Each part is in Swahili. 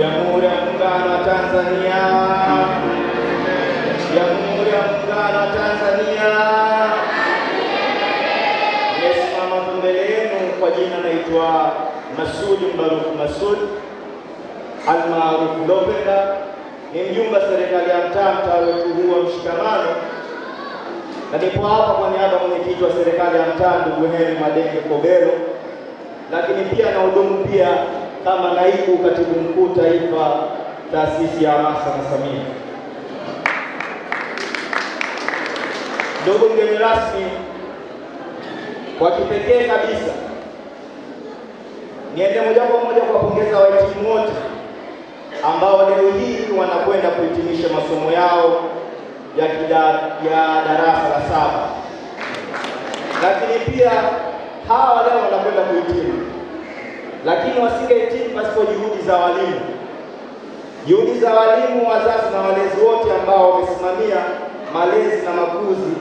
Jamhuri ya Muungano wa Tanzania, Jamhuri ya Muungano wa Tanzania. Nimesimama mbele yenu kwa jina naitwa Masudi Mbaruku Masud almaarufu Lopenda, ni mjumbe wa serikali ya mtaa mtaa wetu huu wa Mshikamano, na nipo hapa kwa niaba ya mwenyekiti wa serikali ya mtaa ndugu Henry Madenge Kobelo, lakini pia na hudumu pia kama naibu katibu mkuu taifa taasisi ya hamasa na Samia. Ndugu mgeni rasmi, kwa kipekee kabisa niende moja kwa moja kuwapongeza wahitimu wote ambao leo hii wanakwenda kuhitimisha masomo yao ya ya darasa la saba, lakini pia hawa leo wanakwenda kuhitimu lakini wasingehitimu pasipo juhudi za walimu, juhudi za walimu, wazazi na walezi wote ambao wamesimamia malezi na makuzi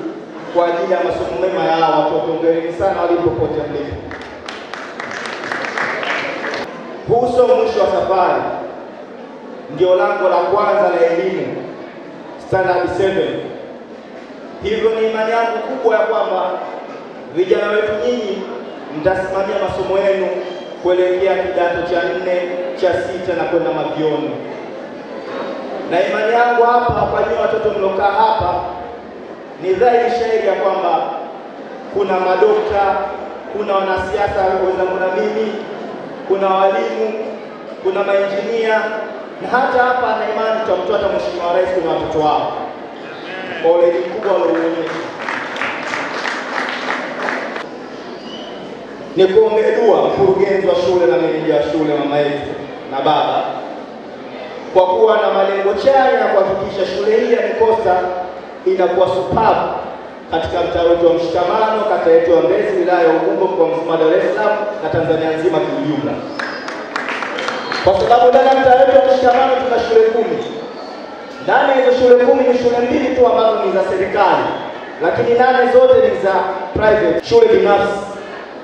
kwa ajili ya masomo mema ya hawa watoto. Hongereni sana walipopote mlipo. Huu sio mwisho wa safari, ndio lango la kwanza la elimu standard 7. Hivyo ni imani yangu kubwa ya kwamba vijana wetu nyinyi mtasimamia masomo yenu kuelekea kidato cha nne cha sita na kwenda mavioni, na imani yangu hapa kwa nyinyi watoto mliokaa hapa ni dhahiri shahidi ya kwamba kuna madokta, kuna wanasiasa wenzangu na mimi, kuna walimu, kuna mainjinia na hata hapa na imani tutamtoa hata mheshimiwa rais kuna watoto wao kwa weledi mkubwa ni kuombe dua mkurugenzi wa shule na meneja wa shule, mama yetu na baba, kwa kuwa na malengo chanya na kuhakikisha shule hii ya Nikosa inakuwa supavu katika mtaa wetu wa Mshikamano, kata yetu ya Mbezi, wilaya ya Ubungo, mkoa mzima Dar es Salaam na Tanzania nzima kiujumla, kwa sababu ndani ya mtaa wetu wa Mshikamano tuna shule kumi. Ndani ya hizo shule kumi ni shule mbili tu ambazo ni za serikali, lakini nane zote ni za private, shule binafsi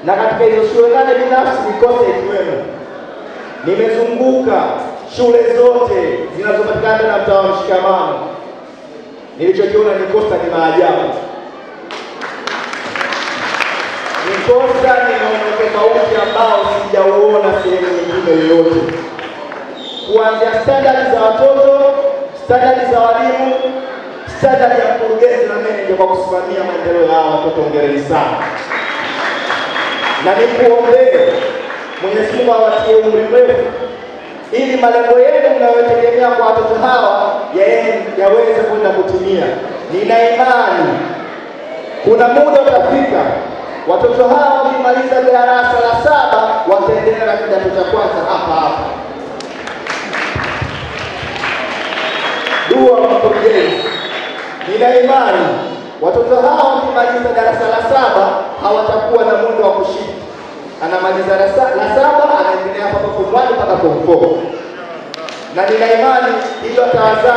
na katika hizo shule nane binafsi nikose ikiwemo. Nimezunguka shule zote zinazopatikana na mtaa wa Mshikamano, nilichokiona Nikosta ni maajabu. ni ninaona tofauti ambao sijauona sehemu nyingine yoyote, kuanzia standard za watoto, standard za walimu, standard ya mkurugenzi na meneja kwa kusimamia maendeleo ya watoto. Hongereni sana na nikuombee Mwenyezi Mungu awatie umri mrefu, ili malengo yenu mnayotegemea kwa watoto hawa yaweze kwenda kutimia. Nina imani kuna muda utafika watoto hawa wakimaliza darasa la saba wataendelea na kidato cha kwanza hapa hapa. Dua mkurugenzi, nina imani Watoto hawa wakimaliza darasa la saba hawatakuwa na muda wa kushika. Anamaliza la saba anaendelea mpaka form one mpaka form na nina imani hilo hata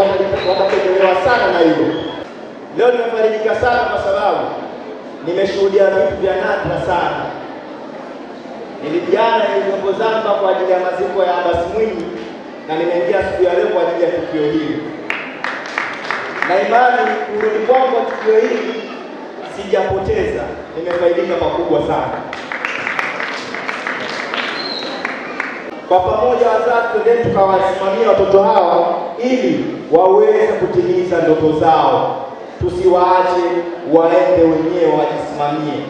watapendelewa sana na hilo. Leo nimefarijika sana kwa sababu nimeshuhudia vitu vya nadra sana. Nilijana nilivyozamba kwa ajili ya maziko ya Abbas Mwinyi na nimeingia siku ya leo kwa ajili ya tukio hili na imani kurudi kwangu tukio hili sijapoteza, nimefaidika makubwa sana. Kwa pamoja, wazazi, twendeni tukawasimamia watoto hawa ili waweze kutimiza ndoto zao, tusiwaache waende wenyewe wajisimamie,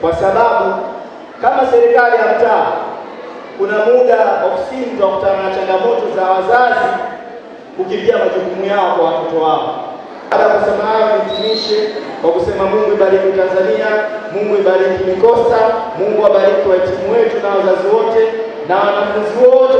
kwa sababu kama serikali ya mtaa kuna muda ofisini tunakutana na changamoto za wazazi kukimbia majukumu yao kwa watoto wao. Baada ya kusema hayo, nitimishe kwa kusema Mungu ibariki Tanzania, Mungu ibariki mikosa, Mungu abariki wahitimu wetu na wazazi wote na wanafunzi wote.